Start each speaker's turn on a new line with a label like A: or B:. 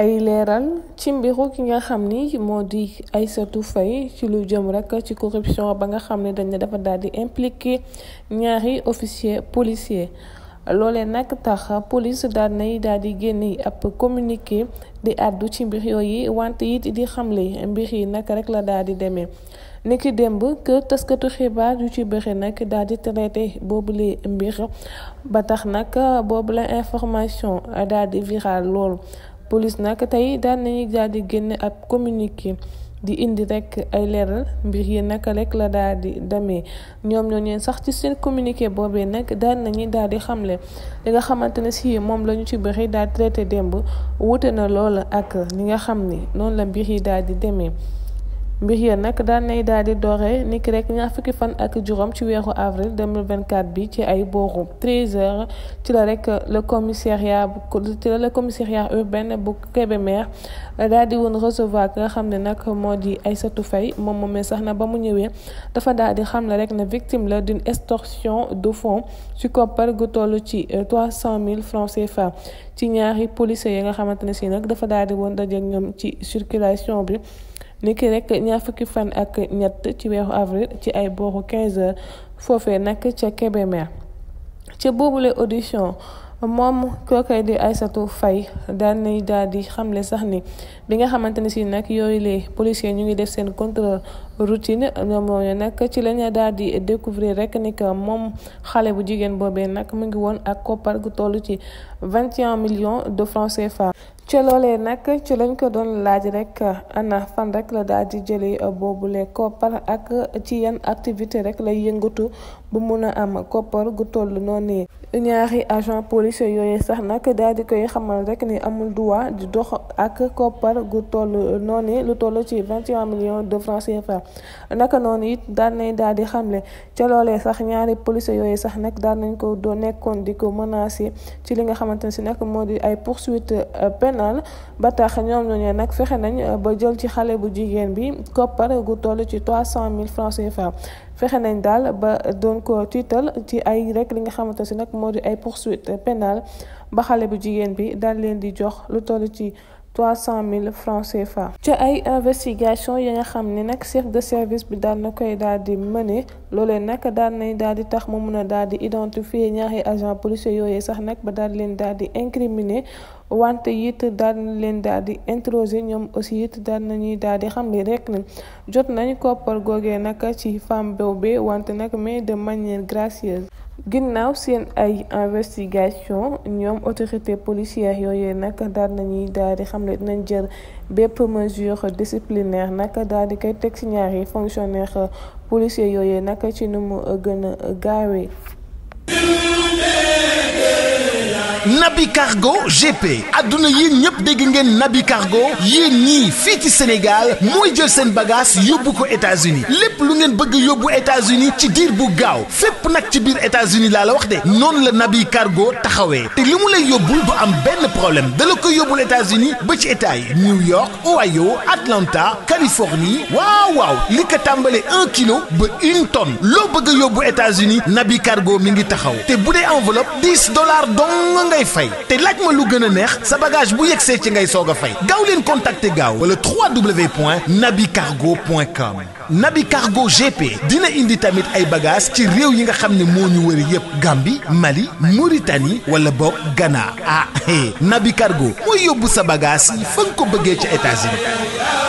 A: ay leeral ci mbiru ki nga xam ni moo di Aïssatou Faye ci lu jëm rek ci corruption ba nga xam ne dañu ne dafa daal di impliqué ñaari officier policier loole nag tax police daal nay daal di génne ab communiqué di àddu ci mbir yooyu wante it di xamle mbir yi nag rek la daal di demee niki démb kër taskatu xibaar yu ci bëri nag daal di traité boobule mbir ba tax nag boobu la information daal di viral lool police nag tey daal nañu daal di génne ab communiqué di indi rek ay leeral mbir yi naka rekk la daal di demee ñoom ñoo ñeen sax ci seen communiqué boobee nag daal nañu daal di xamle li nga xamante ne si moom la ñu ci bëri daal traité démb wute na loola ak li nga xam ni noonu la mbir yi daal di demee. mbir ya nag daan nay daal di doore niki rek ñaar fukki fan ak juróom ci weeru avril 2024 bi ci ay booru 13h ci la rek le commissariat ci la le commissariat urbain bu Kébémer daal di woon recevoir ki nga xam ne nag moo di ay Aïssatou Faye moom moomee sax na ba mu ñëwee dafa daal di xam ne rek ne victime la d'une extorsion de fonds ci koppar gu toll ci 300 000 francs CFA ci ñaari policiers yi nga xamante ne si nag dafa daal di woon dajeek ñoom ci circulation bi. niki rek ñaar fukki fan ak ñett ci weeru avril ci ay booru 15 heures foofee nag ca Kébémer ca boobule audition moom kookay di Aysatu Fay daan nay daal di xamle sax ni bi nga xamante ne si nag yooyu les policiers ñu ngi def seen contrôle routine moom nag ci lañu daal di découvrir rek ni moom xale bu jigéen boobee nag mu ngi woon ak koppar gu toll ci vingt et un de francs CFA. ci loolee nag ci lañ ko doon laaj rek ana fan rek la daal di jëlee boobule koppar ak ci yan activité rek lay yëngatu bu mun a am koppar gu toll noonu. ñaari agent police yooyu sax nag daal di koy xamal rek ni amul droit di dox ak koppar gu toll noonu lu toll ci vingt et de francs CFA naka noonu it daan nañ daal di xamle ca loolee sax ñaari police yooyu sax nag daan nañ ko doo nekkoon di ko menacer ci li nga xamante ne si nag moo di ay poursuite euh, pénale ba tax ñoom ñooñu nag fexe nañ euh, ba jël ci xale bu jigéen bi koppar gu toll ci trois cent mille francs CFA fexe nañ daal ba doon ko tiital ci ay rek li nga xamante si nag moo di ay poursuite penal ba xale bu jigéen bi daal leen di jox lu toll ci 300 000 francs CFA. ca ay investigation yi nga xam ne nag chef de service bi daal na koy daal di mëne loolee nag daal nañ daal di tax mu mun a daal di identifier ñaari agent policier yooyee sax nag ba daal leen daal di incriminer wante it daal leen daal di introsé ñoom aussi it daal nañuy daal di xam li rek ne jot nañu koppar googee nag ci femme boobu wante nag mais de manière gracieuse. ginnaaw seen ay investigation ñoom autorité policière yooyu nag daal nañuy daal di xam ne dinañ jël bépp mesure disciplinaire nag daal di koy teg ci ñaari fonctionnaire policier yooyu nag ci nu mu gën a gaawee
B: Nabi Cargo GP adduna
A: yéen ñëpp dégg
B: ngeen Nabi Cargo yéen ñii fii ci Sénégal mooy jël seen bagage yóbbu ko états lépp lu ngeen bëgg yóbbu États-Unis ci diir bu gaaw fépp nag ci biir États-Unis laa la wax de noonu la Nabi Cargo taxawee te li mu lay yóbbul du am benn problème dala la ko yóbbul états ba ci état yi New York Ohio Atlanta Californie waaw waaw li ko tàmbale un kilo ba une tonne loo bëgg a yóbbu États-Unis Nabi Cargo mi ngi taxaw te bu dee enveloppe ngay fay te laaj ma lu gën a neex sa bagage bu yegsee ci ngay soog a fay gaaw leen contacter gaaw wala www.nabicargo.com Nabi Cargo GP dina indi tamit ay bagages ci réew yi nga xam ne moo ñu wër yépp gàmbi Mali Mauritanie wala boog Ghana ah Nabi Cargo mooy yóbbu sa bagage yi fa nga ko bëggee ci États-Unis